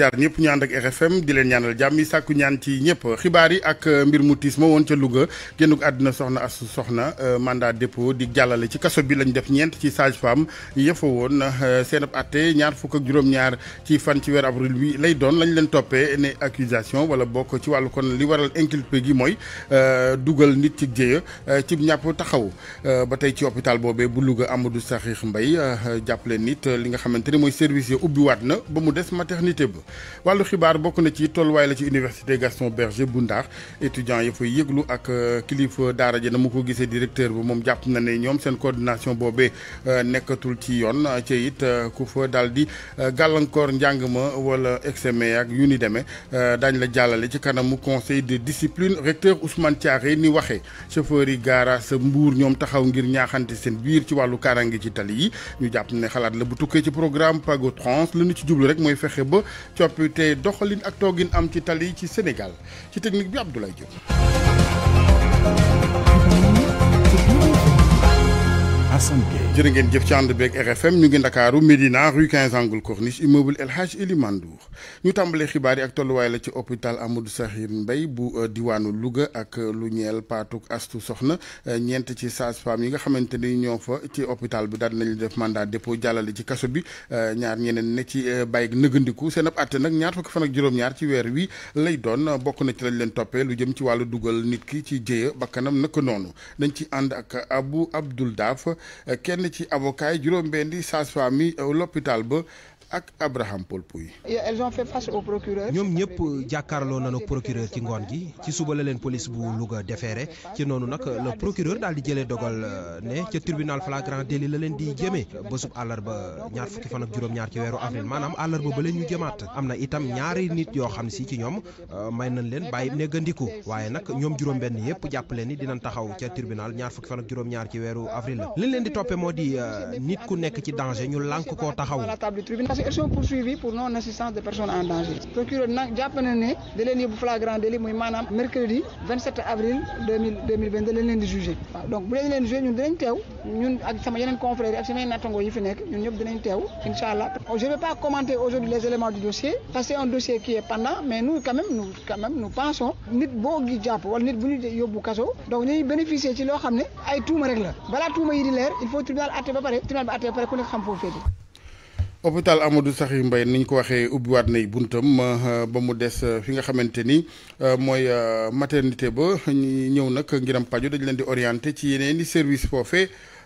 jaar ñëpp ñu ànd ak RFM di leen ñaanal jàmm yi sàkku ñaan ci ñëpp xibaar yi ak uh, mbir mu tiis ma woon ca Louga génn ko àddina soxna as soxna uh, mandat dépôt di jàllale ci kaso bi lañu def ñeent ci sage femme yëfa woon uh, seen ab àtte ñaar fukk ak juróom-ñaar ci fan ci weer avril bi lay doon lañ leen toppee ne accusation wala bokk ci wàllu kon li waral inculpé gi mooy dugal nit ci jéya ci ñàpp taxaw ba tey ci hôpital boobee bu Louga Amadou Sakhir Mbaye jàppale nit li nga xamante ne mooy service yi ubbi na ba mu des maternité ba wàllu xibaar bokk na ci tolluwaay la ci université Gaston Berger bu Ndar étudiants yi fay yëglu ak euh, kilifa daara ji na mu ko gisee directeur bi moom jàpp na ne ñoom seen coordination boobee euh, nekkatul ci yoon ci it euh, ku fa daal di gàllankoor njàng ma wala examen ak yu ni demee daañ la jàllale ci kanamu conseil de discipline recteur Ousmane Thiaré ni waxee chauffeur yi gaara sa mbuur ñoom taxaw ngir ñaaxante seen biir ci wàllu kaaraange ci tali yi ñu jàpp ne xalaat la bu tukkee ci programme Pago Trans la ñu ci jublu rek mooy fexe ba coppite doxalin ak toogin am ci tali ci senegal ci technique bi Abdoulaye Diop. Assane Gueye ngeen jëf ci ànd beeg RFM ñu ngi ndakaaru Médina rue 15 angle corniche immeuble El Hadj ñu tàmbalee xibaar yi ak tolluwaay la ci hôpital Amadou Sakhir Mbaye bu euh, diwaanu Louga ak euh, lu ñeel paatuk astu soxna euh, ñeent ci sage-femme yi nga xamante ni ñoo fa ci hôpital bi daal nañu def mandat dépôt jàllale ci kaso bi ñaar ñeneen ne ci bàyyik nëggandiku seen ab àtte nag ñaar fukki fan ak juróom-ñaar ci weer wi lay doon bokk na ci lañ leen toppee lu jëm ci wàllu dugal nit ki ci jéya bakkanam naka noonu dañ ci ànd ak Abou Abdoul Daaf kenn ci avocat yi juróom-benn di sage euh, ba ak Abraham Paul Pouy. elles ont fait face ñoom ñëpp jàkkaarloo nañu procureur ci ngoon gi ci suba la leen police bu Louga déféré ci noonu nag le procureur daal di jëlee dogal euh, ne ca tribunal flagrant délit la leen di jëmee bésub àllarba ñaar fukki fan ak juróom-ñaar weeru avril maanaam àllarba ba leen ñu jëmaat am na itam ñaari nit yoo xam si ci ñoom euh, may nañ leen bàyyi néggandiku waaye nag ñoom juróom mbenn yëpp jàpp leen ni dinañ taxaw ca tribunal ñaar fukki fan ak juróom-ñaar ci weeru avril la liñ leen di toppee moo di euh, nit ku nekk ci danger ñu lànk koo taxaw elles sont poursuivies pour non-assistance de personnes en danger procureur nag jàpp na ne da leen yóbbu flagrant délit muy maanaam mercredi 27 avril 2022 leen di waaw donc bu leen leen jugé ñun dinañ teew ñun ak sama yeneen confrères yi ak samay nattango yi fi nekk ñun ñëpp dinañ teew incha allah oh, je ne vais pas commenter aujourd'hui les éléments du dossier parce que dossier qui est pendant mais nous quand même nous nit boo gi jàpp wala nit bu loo xam ne ay hôpital Amadou sax Mbaye mbay ñu ko waxee ubbiwaat nay buntam ba mu des euh, fi nga xamante ni euh, mooy euh, maternité ba ñëw nag ngiram paju dañ leen di orienté ci yeneen i service foofe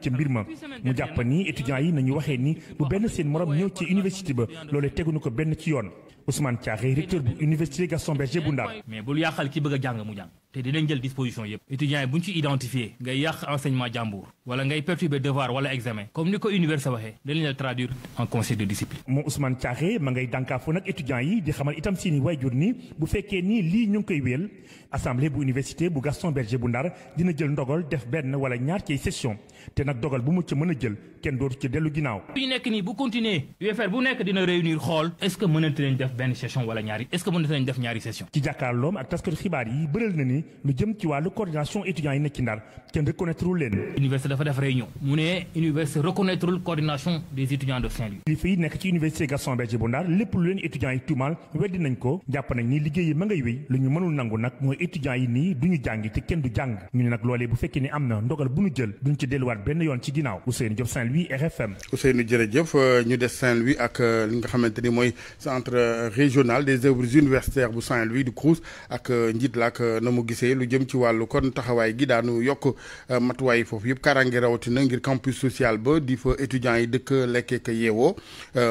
ca mbir ma mu jàpp ni étudiants yi nañu waxee ni bu benn seen morom ñëw ci université ba loolee teguñu ko benn ci yoon Ousmane Thiaré recteur bu université Gaston a jàng mu jàng te dinañ jël disposition yëpp. étudiants yi bu ñu ci identifié ngay wala ngay perturber devoir wala examen comme ni ko université waxee dañu la traduire en conseil de ma ngay dànkaafu nag étudiants yi di xamal itam seeni waajur ni bu fekkee ni lii ñu ngi koy wéel assemblée bu université bu Gaston Berger bu Ndar dina jël ndogal def benn wala ñaar ci session te nag dogal bu mu ci mën a jël. kenn dootu ci dellu ginnaaw. bu nekk dina réunir xool est-ce que mënante nañ def benn session wala ñaari est-ce que mënante nañ def ñaari session. ci jàkkaarloom ak taskatu xibaar yi bëral na ni lu jëm ci wàllu coordination étudiants yi nekk ci ndar kenn reconnaître leen. université dafa def réunion. mu ne université reconnaître coordination des étudiants de Saint-Louis. fiy nekk ci université Gaston Berger bu ndar lépp lu leen étudiants yi tuumaal Saint-Louis RFM. Ousseynou jërëjëf euh, ñu des Saint-Louis ak euh, li nga xamante ni mooy centre euh, régionale des œuvres universitaires bu Saint-Louis du CROUS ak njiit la ak na mu gisee lu jëm ci wàllu kon taxawaay gi daanu yokk matuwaay foofu yëpp kaaraange rawatina ngir campus social ba di fa étudiants yi dëkk lekkee ka yeewoo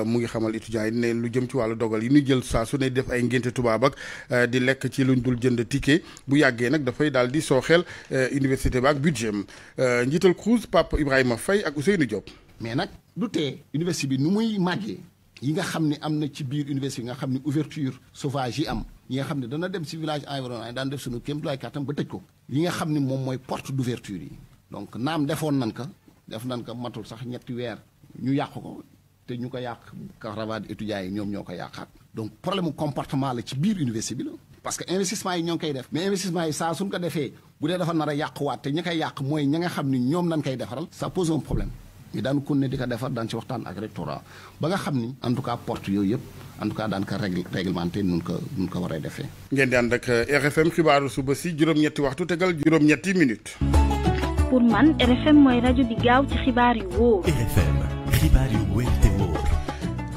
mu ngi xamal étudiants yi ne lu jëm ci wàllu dogal yi nu jël saa su ne def ay ngénte tubaab di lekk ci luñ dul jënd ticket bu yàggee nag dafay daal di sooxeel université ba ak budget njiital CROUS Pape Ibrahima Faye ak Ousseynou Diop. mais nag du tee université bi nu muy màggee yi nga xam ni am na ci biir université nga xam ne ouverture sauvage yi am yi nga xam ne dana dem si village environnement yi daan def suñu kéemtulaay kàttan ba tëj ko yi nga xam ne moom mooy porte d'ouverture yi donc naam defoon nan ko def nan ko matul sax ñetti weer ñu yàq ko te ñu ko yàq caravane étudiants yi ñoom ñoo ko yàqaat donc problème comportement la ci biir université bi la parce que investissement yi ñoo ngi koy def mais investissement yi ko dee dafa nar te ñi koy yàq mooy ña nga xam ne ñoom lañ koy defaral ça pose un ñu daan kunne di ko defar daan ci waxtaan ak rectorat ba nga xam ni en tout cas porte yooyu yëpp en tout cas daan ko réglementé nun ko nun ko waree defee ngeen di ànd ak RFM xibaaru suba si juróom-ñetti waxtu tegal juróom-ñetti minutes pour man RFM mooy rajo di gaaw ci xibaar yu wóor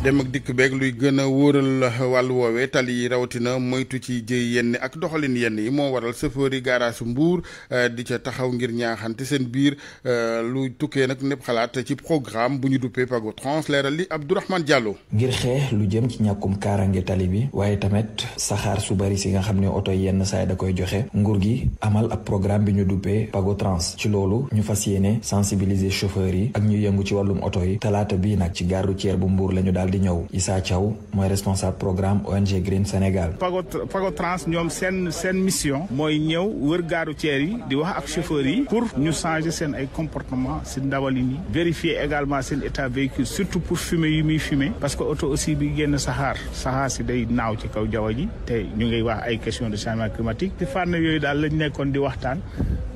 dem ak dikk beeg luy gën a wóoral wàllu woowee tali yi rawatina moytu ci jëy yenn ak doxalin yenn yi moo waral sëfëri gaaraasu mbuur euh, di ca taxaw ngir ñaaxam ñaaxante seen biir euh, lu tukkee nag népp xalaat ci programme bu ñu duppee Pago Trans leeral li Abdourahmane Diallo. ngir xeex lu jëm ci ñàkkum kaarange tali bi waaye tamit saxaar su bari si nga xam ne oto yenn saay da koy joxe nguur gi amal ab programme bi ñu duppee Pago Trans ci loolu ñu fas yéene sensibiliser chauffeurs yi ak ñu yëngu ci wàllum oto yi talaata bii nag ci gare routière bu mbuur lañu daal di ñëw Issa Thiaw mooy responsable programme ONG Green Sénégal. Pagod Pagotrans ñoom seen seen mission. mooy ñëw wër gaaru ceer yi di wax ak chauffeur yi. pour ñu changer seen ay comportement si ndawal yi vérifier également seen état véhicule surtout pour fume yi muy fumer. parce que oto aussi bi génn saxaar saxaar si day naaw ci kaw jaww ji te ñu ngi wax ay question de changement climatique. ci fànn yooyu daal lañ nekkoon di waxtaan.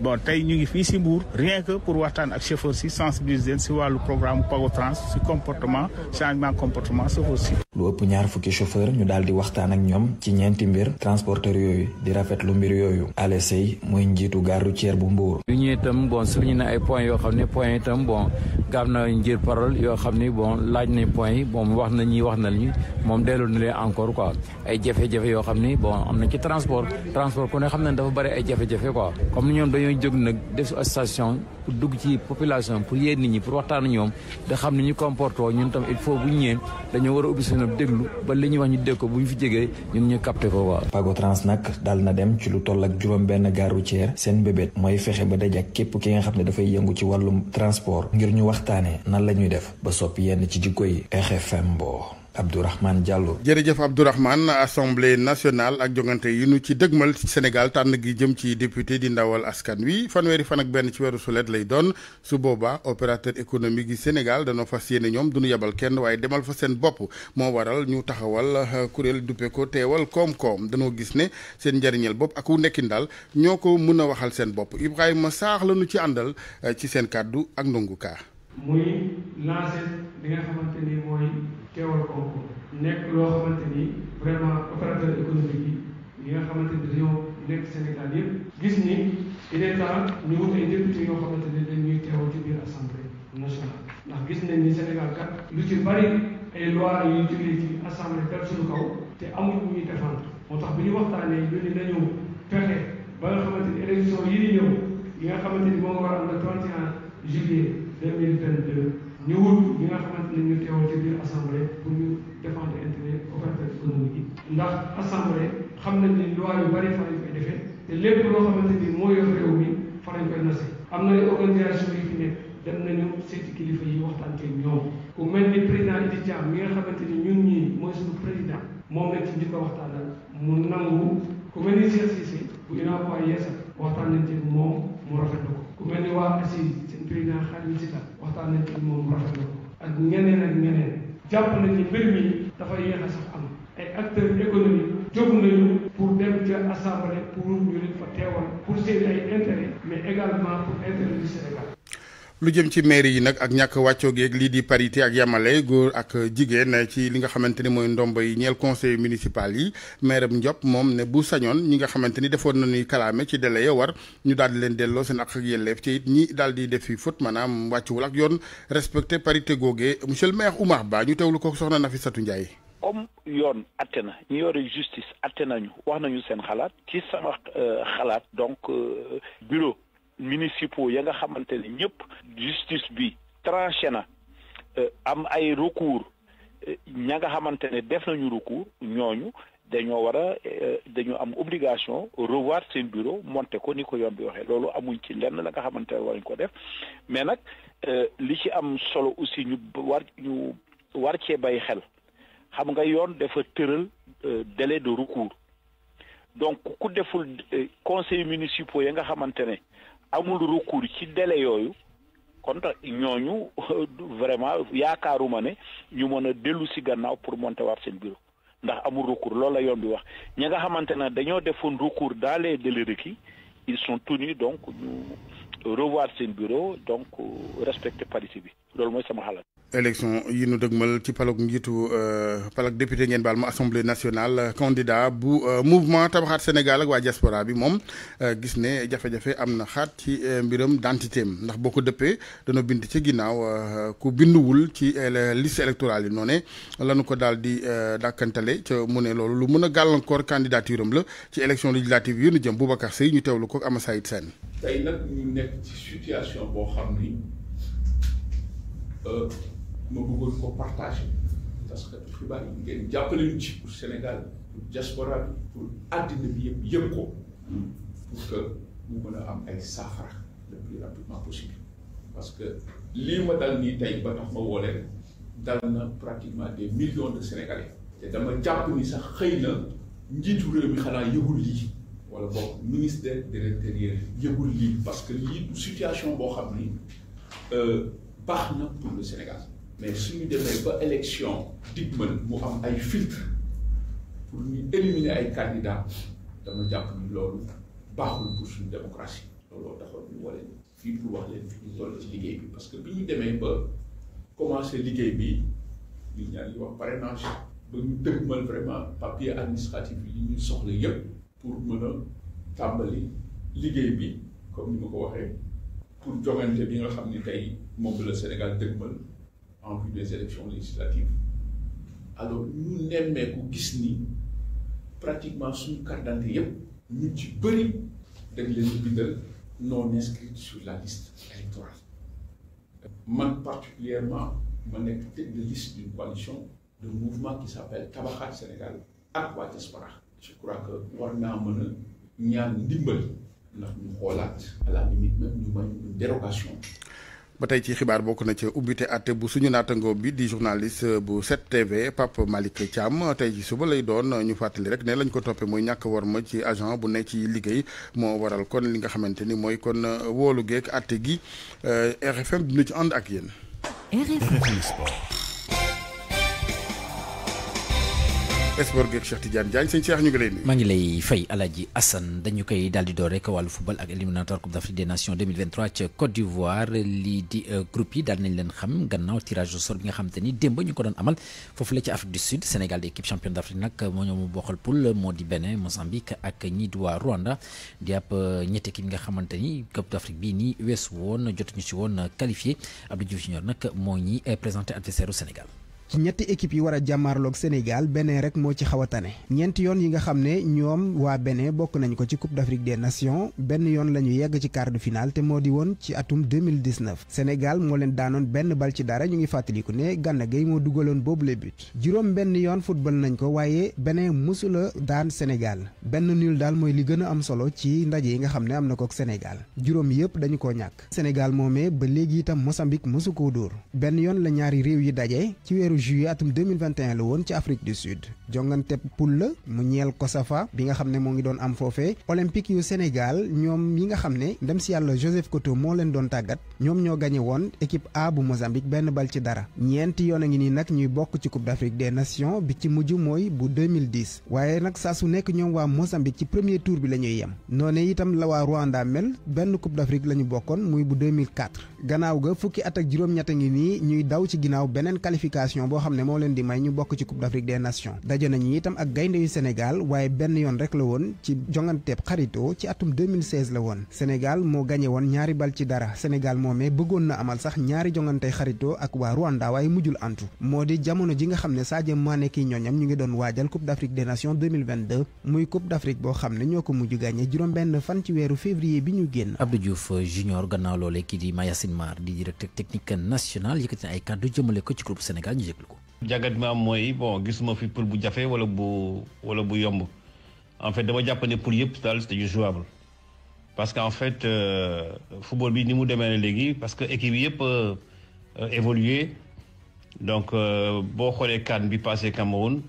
bon tey ñu ngi fii si Mbour rien que pour waxtaan ak chauffeur si sensibiliser si wàllu programme Pagotrans si comportement changement comportement chauffeur si. lu ëpp ñaar fukki chauffeur ñu daal di waxtaan ak ñoom ci ñeenti mbir transporteur yooyu di rafetlu mbir yooyu Alé Sey mooy njiitu gare routière bu Mbour. yu ñu itam bon suñu na ay points yoo xam ne points itam bon que am na njir parole yoo xam ni bon laaj nañ point yi bon wax na ñi wax na ñu moom delloo na leen encore quoi ay jafe-jafe yoo xam ni bon am na ci transport transport ku ne xam ne dafa bëri ay jafe-jafe quoi comme ñoom dañoo jóg nag def association dugg ci population pour yéen nit ñi pour waxtaan ak ñoom da xam ni ñu tam il faut bu ñu dañoo war a ubbi déglu ba li ñuy wax ñu dégg ko bu ñu fi jegee ñun ñu capté ko quoi. Pagotrans nag dal na dem ci lu toll ak juróom-benn gare routière seen mbébét mooy fexe ba daje ak képp ki nga xam ne dafay yëngu ci wàllum transport ngir ñu wax waxtaane nan la ñuy def ba soppi yenn ci jikko yi RFM bo Abdourahmane Diallo. jërëjëf Abdourahmane assemblée nationale ak jongante yi nu ci dëgmal Sénégal tànn gi jëm ci député di ndawal askan wi fanweeri fan ak benn ci weeru sulet lay doon su boobaa opérateur économique yi Sénégal danoo fas yéene ñoom du ñu yebal kenn waaye demal fa seen bopp moo waral ñu taxawal euh, kuréel duppe ko teewal koom-koom danoo gis ne seen njëriñal bopp ak wu nekkin daal ñoo ko mën a waxal seen bopp Ibrahima Saax la nu ci àndal euh, ci seen kàddu ak ndongu muy lancé li nga xamante ni mooy teewal kooku nekk loo xamante ni vraiment opérateur économique yi yi nga xamante ni dañoo nekk Sénégal yëpp gis ni il est temps ñu wut ay député yoo xamante ni dañuy teewal ci biir assemblée nationale ndax gis nañ ni Sénégal kat lu ci bari ay loi yuy jógee ka assemblée dal suñu kaw te amul bu ñuy défendre moo tax bu ñu waxtaanee ñu ne nañu fexe ba nga xamante ni élection yi di ñëw yi nga xamante ni moo war a am le 31 juillet deux mille vingt deux wut ñi nga xamante ne teewal ci biir pour ñu défendre intérêt opérateur économique yi ndax assemblée xam nañ ni loi yu bëri fa lañ koy te lépp loo xamante ni moo yor réew mi fa lañ koy am na ay organisation yi fi nekk dem nañu seeti kilifa yi waxtaan ci ñoom ku mel ni président Idi Thiam mi nga xamante ni ñun ñii mooy suñu président moom lañ ci njëkk a waxtaanal mu nangu ku mel ni Cheikh Cissé bu inaa ko yeesal waxtaan nañ président Khadim Sita waxtaan nañ ci moom rafet na ko ak ñeneen ak ñeneen jàpp nañ ni mbir mi dafa a sax am ay acteurs économiques jóg nañu pour dem ca assemblée pour ñu leen fa teewal pour seen ay intérêt mais également pour intérêt du Sénégal lu jëm ci mairie yi nag ak ñàkk wàccoo geeg lii di parité ak yamale góor ak jigéen ci li nga xamante ni mooy ndombo yi ñeel conseil municipal yi maire Ndiop moom ne bu sañoon ñi nga xamante ni na nañuy kalaame ci délai ya war ñu daal di leen delloo seen ak ak yelleef ci it ñi daal di def fi maanaam wàccuwul ak yoon respecté parité googe monsieur le maire Oumar Ba ñu teewlu ko soxna satu Ndiaye. comme yoon atte na ñu yore justice atte nañu wax nañu seen xalaat ci sama euh, xalaat donc euh, bureau. municipaux ya nga xamante ne ñëpp justice bi tranché na euh, am ay recours euh, ña nga xamante ne def nañu recours ñooñu dañoo war a euh, dañoo am obligation revoir seen bureau monter ko ni ko yoon bi waxee loolu amuñ ci lenn la nga xamante ne waruñ ko def mais nag li ci am solo aussi ñu war ñu war cee bay xel xam nga yoon dafa tëral délai de recours donc ku deful conseil municipaux ya nga xamante ne amul recours ci délai yooyu kon tax ñooñu vraiment yaakaaruma ne ñu mën a dellu si gannaaw pour monter waat seen bureau ndax amul recours loolu la yoon bi wax ñi nga xamante ne dañoo defoon recours dans les délais requis ils sont tenus donc ñu revoir seen bureau donc euh, respecter parité bi loolu mooy sama xalaat. élection yi nu dëgmal ci palok njiitu euh, palok député ngeen baal ma assemblée nationale candidat bu euh, mouvement tabaxaat Sénégal ak waa bi moom euh, gis ne jafe-jafe am na xaat ci mbiram dentité ndax boo ko dëppee dana bind ci ginnaaw ku binduwul ci liste électorale yi noone lanu ko daal di dàkkantale ca mu ne loolu lu mën a gàllankoor candidature am la ci élection législative yi nu jëm Boubacar Seye ñu teewlu ko Ama Saïd Sène tey nag ñu nekk ci ma bëggoon ko partager parce que xibaar yi ngeen jàppale ñu ci pour Sénégal pour diaspora pour àddina bi yëpp yëpp ko pour que mu mën a am ay saafara le plus rapidement possible parce que lii ma dal nii tey ba tax ma woolee dal na pratiquement des millions de Sénégalais te dama jàpp ni sax xëy na njiitu réew mi xanaa yëgul lii wala boog ministère de l'intérieur yëgul lii parce que lii situation boo xam ni euh, baax na pour le Sénégal mais suñu demee ba élection digmal mu am ay filtre pour ñu éliminer ay candidats dama jàpp ni loolu baaxul pour suñu démocratie looloo taxoon ñu wale ni fii pour wax leen fi ñu toll ci liggéey bi parce que bi ñu demee ba commencé liggéey bi li ñaan yi wax parrainage ba ñu dëgmal vraiment papier administratif yi ñu soxla yépp pour mën a tàmbali liggéey bi comme ni ma ko waxee pour joŋante bi nga xam ni tey moom la Sénégal dëgmal en des élections législatives alors ñu nemmeeku gis ni pratiquement suñu carte d'identité yépp ñu ci bëri dañ leen di bindal non inscrite sur la liste électorale man particulièrement ma nekk tête de liste d'une coalition de mouvement qui s'appelle Tabaxaat Sénégal ak waa diaspora je crois que war naa mën a ñaan ndimbal ndax ñu xoolaat à la ñu may dérogation ba tey ci xibaar bokk na ca ubbite àtte bu suñu naatangoo bi di journaliste bu 7TV Pape Malick Thiam tey ci suba lay doon ñu fàttali rek nee lañ ko toppee mooy ñàkk war ma ci agent bu ne ci liggéey moo waral kon li nga xamante ni mooy kon euh, woolu geek àtte gi euh, RFM dina ci ànd ak yéen. sport geeg Cheikh Tidiane Diagne sëñ Cheikh ñu ngi lay nuyu. maa ngi lay fay Alaaji Assane dañu koy daal di door rek wàllu football ak éliminatoire Coupe d'Afrique des Nations 2023 ca Côte d'Ivoire lii di euh, groupe yi daal nañ leen xam gannaaw tirage au bi nga xam ni démb ñu ko doon amal foofu la ci Afrique du Sud Sénégal di équipe championne d'Afrique nag moo ñoo mu bokkal poule moo di Bénin Mozambique ak ñii di waa Rwanda di ab euh, ñetti équipe nga xamante ni Coupe bii nii weesu woon jotuñu ci woon qualifié Abdou Diouf Junior nag moo ñi euh, présenté adversaire au Sénégal ci ñetti équipe yi war a jàmmaarloog Sénégal Bénin rek moo ci xaw a ñeenti yoon yi nga xam ne ñoom waa beneen bokk nañ ko ci Coupe d'Afrique des Nations benn yoon la ñu yegg ci quart de te moo di woon ci atum 2019 Sénégal moo leen daanoon benn bal ci dara ñu ngi fàttaliku ne Gana Gueye moo dugaloon boobu le but juróom benn yoon football nañ ko waaye beneen mësula daan Sénégal benn nul daal mooy li gën a am solo ci ndaje yi nga xam ne am na kook Sénégal juróom yëpp dañu koo ñàkk Sénégal moomee ba léegi itam Mozambique koo dóor benn yoon la ñaari réew yi daje ci weeru weeru juillet atum 2021 la woon ci Afrique du Sud jongante poule la mu ñeel Kosafa bi nga xam ne moo ngi doon am foofee olympique yu Sénégal ñoom yi nga xam ne ndem si yàlla Joseph Koto moo leen doon tàggat ñoom ñoo gañe woon équipe A bu Mozambique benn bal ci dara ñeenti yoon a ngi nii nag ñuy bokk ci Coupe d'Afrique des Nations bi ci mujj mooy bu waaye nag saa su nekk ñoom waa Mozambique ci premier tour bi la yem noonee itam la waa Rwanda mel benn Coupe d'Afrique la ñu qualification boo xam ne moo leen di may ñu bokk ci Coupe d'Afrique des Nations daje nañu itam ak gaynde yu Sénégal waaye benn yoon rek la woon ci jonganteeb xaritoo ci atum la woon Sénégal moo gañe woon ñaari bal ci dara Sénégal moomee bëggoon na amal sax ñaari jongante xaritoo ak waa Rwanda waaye mujjul antu moo di jamono ji nga xam ne Sadio Mané ki ñooñam ñu ngi doon waajal Coupe d'Afrique des Nations muy Coupe d'Afrique boo xam ne ñoo ko mujj gàññe juróom déglu jàggat ma am mooy bon gisuma fi pour bu jafe wala bu wala bu yomb en fait dama jàpp pour yëpp daal c'est jouable parce que en fait euh, football bi ni mu demee ne léegi parce que équipe yëpp euh, euh, évolué donc boo xoolee CAN bi passé Cameroun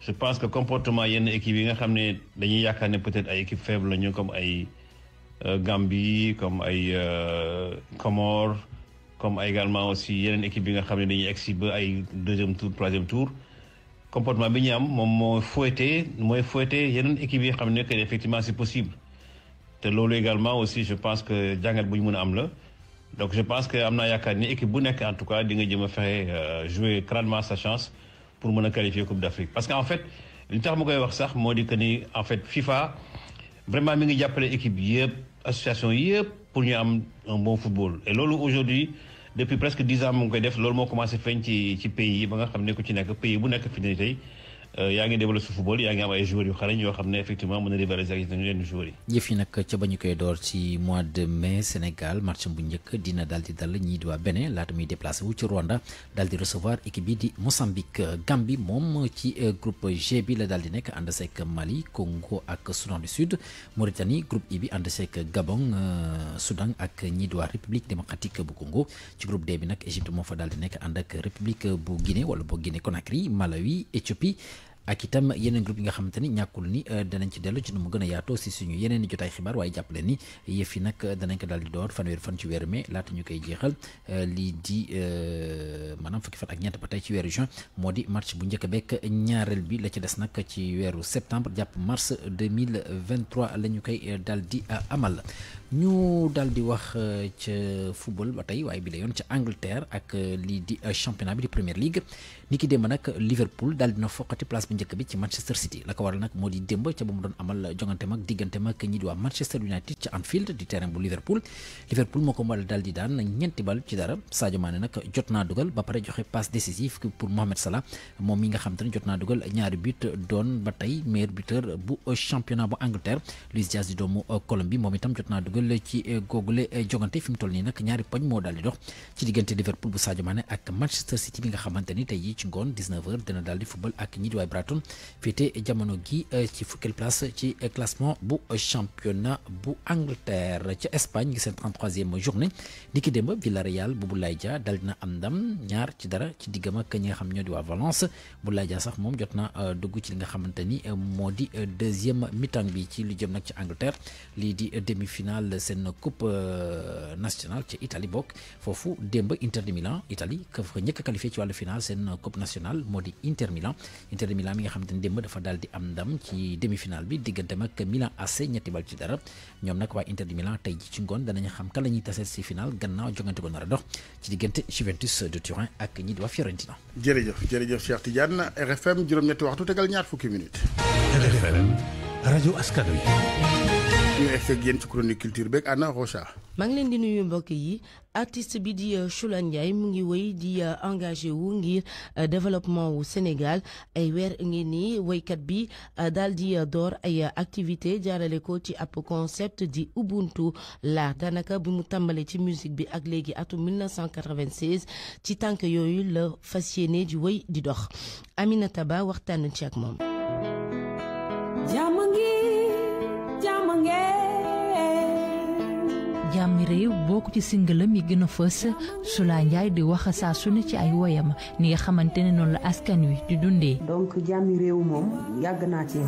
je pense que comportement yenn équipe yi nga xam ne dañuy yaakaar ne peut-être ay équipe faible lañu comme ay Gambie comme ay Comores. comme également aussi yeneen équipe yi nga xam ne dañuy egsi ba ay deuxième tour troisième tour comportement bi ñu am moom moo fouetté mooy fouetté yeneen équipe yi nga xam ne que effectivement c'est possible te loolu également aussi je pense que jàngat bu ñu mën a am la donc je pense que am naa yaakaar ni équipe bu nekk en tout cas di nga jëm a fexe euh, jouer crânement sa chance pour mën a qualifier Coupe d'Afrique parce que en fait li tax ma koy wax sax moo di que ni en fait FIFA vraiment mi ngi jàppale équipe yëpp association yëpp pour ñu am un depuis presque dix ans mu koy def loolu moo commencé feeñ ci ci pays yi ba nga xam ne ku ci nekk pays bu nekk fi Euh, yaa ngi développé football yaa ngi am ay joueurs yu xarañ yoo xam ne effectivement mën na rivaliser ak ñu leen joueurs yi. yëf yi nag ca ba ñu koy door ci mois de mai Sénégal match bu njëkk dina daal di dal ñii di waa Bénin laata muy déplacé ci Rwanda daal di recevoir équipe bi di Mozambique Gambie moom ci euh, groupe G bi la daal di nekk ànd seeg Mali Congo ak Soudan du Sud Mauritanie groupe I bi ànd seeg Gabon euh, Soudan ak ñii di waa République démocratique bu Congo ci groupe D bi nag Égypte moo fa daal di nekk ànd ak République bu Guinée wala bu Guinée Conakry Malawi Éthiopie. ak itam yeneen groupe yi nga xamante ni ñàkkul ni euh, danañ ci dellu ci nu mu gën a yaatoo si suñu yeneen i jotaay xibaar waaye jàppale ni yëf yi nag danañ ko daal di door fanweer fan ci weeru mai laata ñu koy jeexal euh, lii di euh, maanaam fukki fan ak ñett ba tey ci weeru juin moo di match bu njëkk bekk ñaareel bi la ci des nag ci weeru septembre jàpp mars 2023 la ñu koy daal di amal ñu dal di wax euh, ca football ba tey waaye bi la yoon ca Angleterre ak euh, lii di euh, championnat bi di Premier League ni ki démb nag Liverpool daal dina foqati place bu njëkk bi ci Manchester City la ko waral nag moo di démb ca ba mu doon amal jongante mag diggante mag ñi di waa Manchester United ca Anfield di terrain bu Liverpool Liverpool moo ko mbal daal di daan ñeenti bal ci dara Sadio Mané nag jot naa dugal ba pare joxe passe décisive pour Mohamed jot naa dugal ñaari but doon ba tey bu championnat bu Angleterre moom itam jot naa dugal dugal ci eh, googule eh, jogante fi mu toll nii nag ñaari poñ moo daal di dox ci diggante Liverpool bu Sadio Mané ak Manchester City bi nga xamante ni tey ci ngoon dina daal di football ak ñi di waay Brighton féete jamono gi eh, ci fukkeel place ci classement bu championnat bu Angleterre ca Espagne gi seen 33 journée ni ki démb Villarreal bu Boulaye Dia daal dina am ndam ñaar ci dara ci diggam ak ñi nga xam ñoo di waa Valence Boulaye Dia sax moom na dugg ci li nga xamante ni moo di deuxième mi-temps bi ci jël seen coupe euh, nationale ci Italie bokk foofu démb Inter de Milan Italie ka fa njëkk a qualifié ci wàllu final seen coupe nationale moo di Inter Milan Inter de Milan mi nga xamante ni dafa daal di am ndam ci demi-finale bi diggante Milan AC ñetti bal ci dara ñoom nag waa Inter de Milan tey ci ngoon danañ xam kan la ñuy taseel si gannaaw jongante ko nar a dox ci diggante Juventus de Turin ak ñi di waa Fiorentina. ñu culture beeg maa ngi leen di nuyu mbokk yi artiste bi di euh, Chula Ndiaye mu ngi woy di euh, engagé wu ngir euh, développement wu Sénégal ay weer ngeen ni woykat bi daal di door ay activité jaarale ko ci ab concept di ubuntu la daanaka bi mu tàmbalee ci musique bi ak léegi atum 1996 ci tànk yooyu la fas yéene di wéy di dox Aminata Ba waxtaan ci ak moom. am réew bokk ci singalam yi gën a fës Soula Ndiaye di wax saa su ne ci ay woyam ni nga xamante ne noonu la askan wi di dundee. donc jàmmi réew moom yàgg naa ci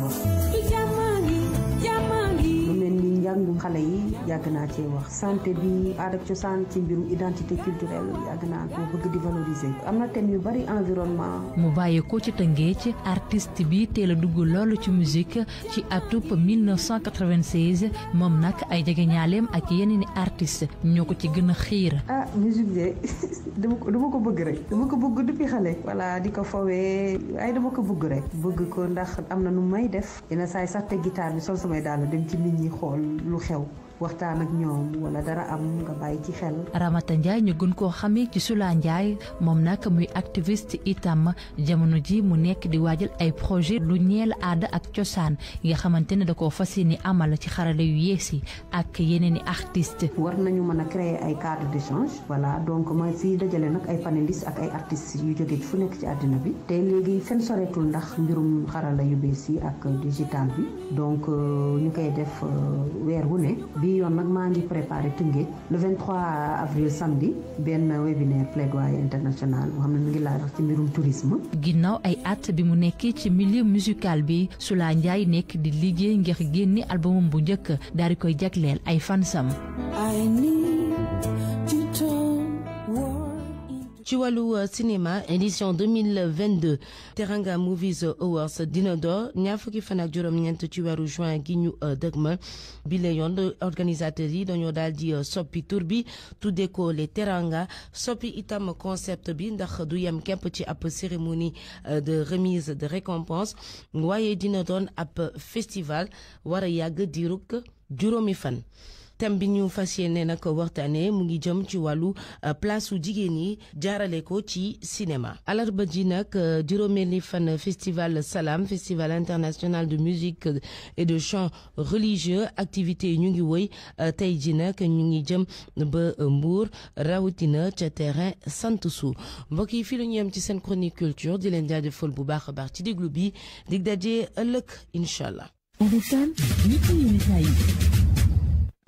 jàng xale yi yàgg naa cee wax santé bi aada ak cosaan ci mbirum identité culturelle yàgg naa ko bëgg di valoriser am na thème yu bari environnement. mu bàyyi ko ci Tëngéej artiste bi teel a dugg loolu ci musique ci atub 1996 moom nag ay jegeñaaleem ak yeneen i artist ñoo ko ci gën a xiir. ah musique de dama ko ko bëgg rek dama ko bëgg depuis xale. voilà di ko fowee ay dama ko bëgg rek. bëgg ko ndax am na nu may def. dina saay sax te guitare bi sol samay daal dem ci nit ñi xool. lu xew waxtaan ak ñoom wala dara am nga bàyyi ci xel. Ramata Ndiaye ñu gën koo xamee ci sulaa Ndiaye moom nag muy activiste itam jamono ji mu nekk di waajal ay projet lu ñeel aada ak cosaan nga xamante ne da koo fas ni amal ci xarala yu yees yi ak yeneen yi artistes. war nañu mën a créer ay cadre d'échange voilà donc ma fii dajale nag ay panélistes ak ay artistes yu jógee fu nekk ci àddina bi te léegi fenn soreetul ndax mbirum xarala yu bees yi ak digital bi donc euh, ñu koy def euh, bi yoon nag maa ngi préparé Tëngéej le 23 avril samedi benn webinaire plaidoyer international boo xam ne mu ngi laal ci mbirum tourisme. ginnaaw ay at bi mu nekkee ci milieu musical bi Sula Ndiaye nekk di liggéey ngir génni albumam bu njëkk daal di koy jagleel ay fansam. ci wàllu euh, cinéma édition 2022 Teranga Movies Awards dina door ñaar fukki fan ak juróom-ñeent ci weeru juin gi ñu euh, dëgmal bi la yoon organisateurs yi dañoo daal di euh, soppi tur bi tuddee ko les Teranga soppi itam concept bi ndax du yem képp ci app cérémonie de remise de récompense waaye dina doon ab festival war a yàgg diirug juróomi fan thème bi ñu fas yéene nag waxtaanee mu ngi jëm ci wàllu euh, place su jigéen ñi jaarale ko ci cinéma. alarba ji nag euh, juróomeeli fan festival salaam festival international de musique et de chant religieux activité yi ñu ngi woy euh, tey ji nag ñu ngi jëm ba Mbour rawatina ca terrain sant su mbokk yi fii la ñu yem ci seen chronique culture di leen jaajëfal bu baax a baax ci déglu bi dig daje ëllëg incha allah.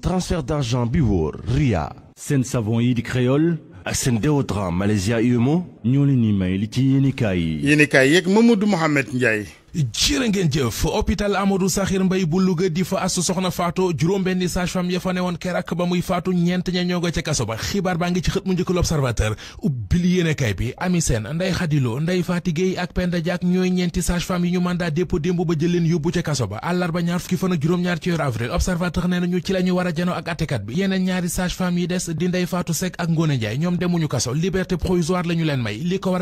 transfert d'argent bi wóor Ria. seen savon yi di créole. ak seen déodorant Malaysia Umo. ñoo leen ni may li ci yéenekaay yi. yéenekaay yeeg Mamadou Mouhamed Ndiaye. jërë ngeen jëf hôpital Amadou Sakhir Mbaye bu Louga di fa asu soxna faatu juróom-benni sage-femme ya fa newoon kerak ba muy faatu ñeent ña ñoo nga ca kaso ba xibaar baa ngi ci xët mu njëkk l'Observateur ubbil yéenekaay bi Ami Sène Ndeye Khady Lo Ndeye Fatou Gueye ak Penda Diack ñooy ñeenti sage-femme yi ñu mandat dépôt démb ba jël leen yóbbu ca kaso ba àllarba ñaar fukki fan ak juróom-ñaar ci weeru avril Observateur nee nañu ci la war a janoo ak attekat bi yeneen ñaari sage-femme yi leen may li ko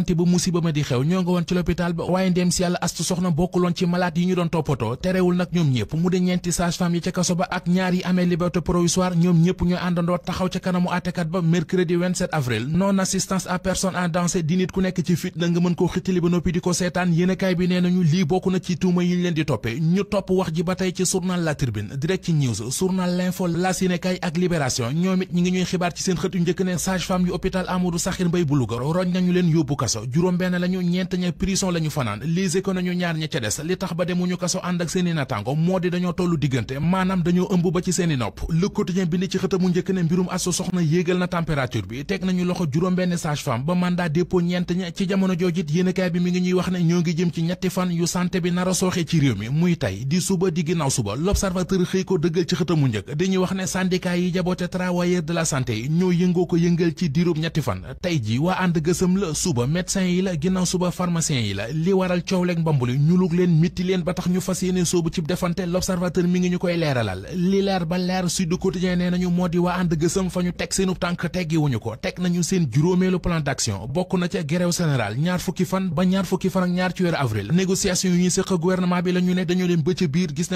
donte musiba ma di xew ñoo nga woon ci l'hôpital waaye ndem si yàlla astu soxna bokkuloon ci malaat yi ñu doon toppatoo terewul nag ñoom ñëpp mu de ñeenti sage yi ca kaso ba ak ñaar yi amee liberté provisoire ñoom ñëpp ñoo àndandoo taxaw ca kanamu àttekat ba mercredi avril non assistance à personne en danger di nit ku nekk ci fit na nga mën koo xitili ba noppi di ko seetaan yéenekaay bi nee nañu lii bokk na ci tuuma yi ñu leen di toppee ñu topp kaso juróom-benn lañu ñeent ña prison lañu fanaan les économies ñaar ña ca des li tax ba demuñu kaso ànd ak seeni natango moo di dañoo tollu diggante maanaam dañoo ëmb ba ci seeni nopp le quotidien bi ci xëtamu njëkk ne mbirum asu soxna yéegal na température bi teg nañu loxo juróom-benn sage ba mandat dépôt ñeent ña ci jamono joojit yéenekaay bi mi ngi ñuy wax ne ñoo ngi jëm ci ñetti fan yu santé bi nara sooxee ci réew mi muy tey di suba médecin yi la ginnaaw suba pharmacien yi la li waral coow leeg mbambuli ñulug leen mitti leen ba tax ñu fas yéene soobu cib defante l'observateur mi ngi ñu koy leeralal li leer ba leer Sud Quotidien nee nañu moo di waa ànd gësëm fa ñu teg seenu tànk teggiwuñu ko teg nañu seen juróomeelu plan d'action bokk na ca grève générale ñaar fukki fan ba ñaar fukki fan ak ñaar ci weeru avril négociation yi ñuy séq gouvernement bi la ne dañu leen bëcc biir gis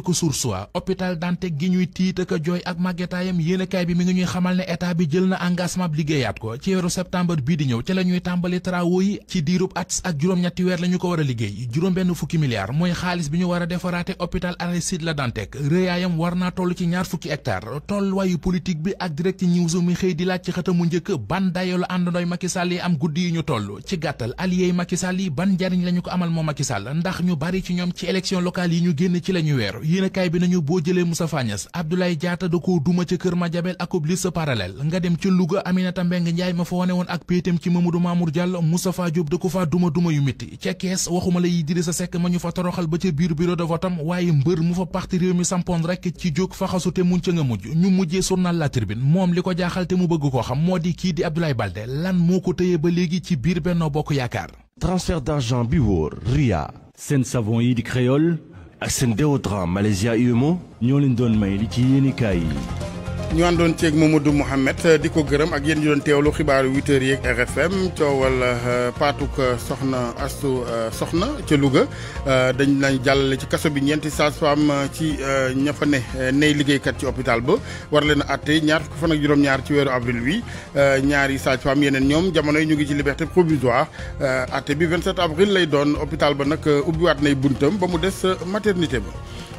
fàttali ko source wa hôpital Dantec gi ñuy tiit ak jooy ak màggetaayam yéenekaay bi mi ngi ñuy xamal ne état bi jël na engagement bi liggéeyaat ko ci weeru septembre bii di ñëw ci la ñuy tàmbali travaux yi ci diirub at ak juróom-ñetti weer la ñu ko war a liggéey juróom-benn fukki milliards mooy xaalis bi ñu war a defaraate hôpital Aristide Le Dantec rëyaayam war naa toll ci ñaar fukki hectare tolluwaayu politique bi ak direct news mi xëy di laaj ci xëtamu njëkk ban d la àndandooy Macky Sall yi am ñu toll ci gàttal allié Macky Sall yi ban njariñ la ñu ko amal moom Macky Sall ndax ñu bari ci ñoom ci élection locale yi ñu génn ci la yéenekaay bi nañu boo jëlee Moustapha Niasse Abdoulaye Diatta da koo duma ca Kër Madiabel akub liste parallèle nga dem ca Louga Aminata Mbengue Ndiaye ma fa wone woon ak péetam ci Mamadou Mamour Diallo Moustapha Diop da ko faa duma duma yu métti ca kees waxuma la Idrissa Seck ma ñu fa toroxal ba ca biir bureau de votam waaye mbër mu fa parti réew mi sampoon rek ci jóg faxasu te muñ ca nga mujj ñu mujjee journal La Tribune moom li ko jaaxal te mu bëgg koo xam moo di kii di Abdoulaye Baldé lan moo ko tëye ba léegi ci biir Benno Bokk Yaakaar transfert d'argent bi wóor RIA seen savon yi di créole ak seen déodorant Malaysia UMO. ñoo leen doon may li ci yéenekaay yi. ñu àndoon ceeg Mamadou Mouhamed euh, di ko gërëm ak yéen di doon teewlu xibaaru 8h yeeg RFM coowal euh, paatuk euh, soxna astu soxna ca Louga dañ lañ jàllale ci kaso bi ñeenti sages-femmes ci ña fa ne ney liggéeykat ci hôpital ba war leen a ñaar fukki fan ak juróom-ñaar ci weeru avril wi ñaari sages-femmes yeneen ñoom jamono yi ñu ngi ci liberté provisoire àtte bi 27 avril lay doon hôpital ba nag ubbiwaat nay buntam ba mu des maternité ba.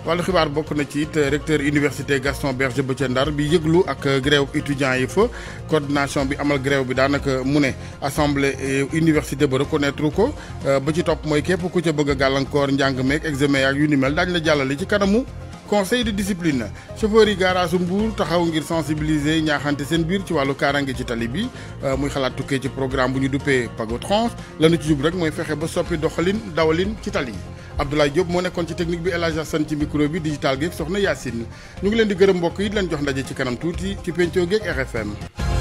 wàllu xibaar bokk na ci it recteur université Gaston Berger ba ca Ndar bi yëglu ak grève étudiants yi fa coordination bi amal grève bi daanaka mu ne assemblée université ba reconnaître ko euh, ba ci topp mooy képp ku ca bëgg a gàllankoor njàng meeg examen ak yu ni mel daañu la jàllale ci kanamu. conseil de discipline chauffeur yi garage Mbour taxaw ngir sensibiliser ñaaxante seen biir ci wàllu kaaraange ci tali bi euh, muy xalaat tukkee ci programme bu ñu duppee Pagotrans lanu ci jub rek mooy fexe ba soppi doxalin dawalin ci tali yi Abdoulaye Diop moo nekkoon ci technique bi El Hadj Assane ci micro bi digital geeg soxna Yacine ñu ngi leen di gërëm mbokk yi di leen jox ndaje ci kanam tuuti ci pencoo geeg RFM